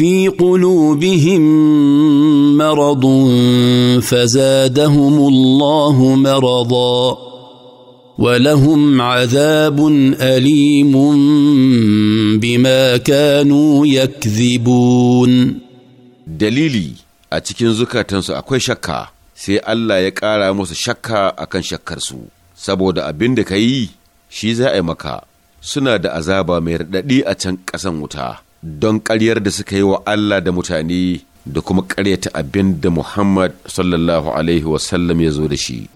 في قلوبهم مرض فزادهم الله مرضا ولهم عذاب اليم بما كانوا يكذبون دليلي a cikin zukatansu akwai shakka sai Allah ya ƙara musu shakka akan shakkarsu saboda abin da ka yi shi za a yi maka suna da azaba mai raɗaɗi a can ƙasan wuta don ƙaryar da suka yi wa Allah da mutane da kuma ƙaryata abin da Muhammad sallallahu Alaihi wasallam ya zo da shi.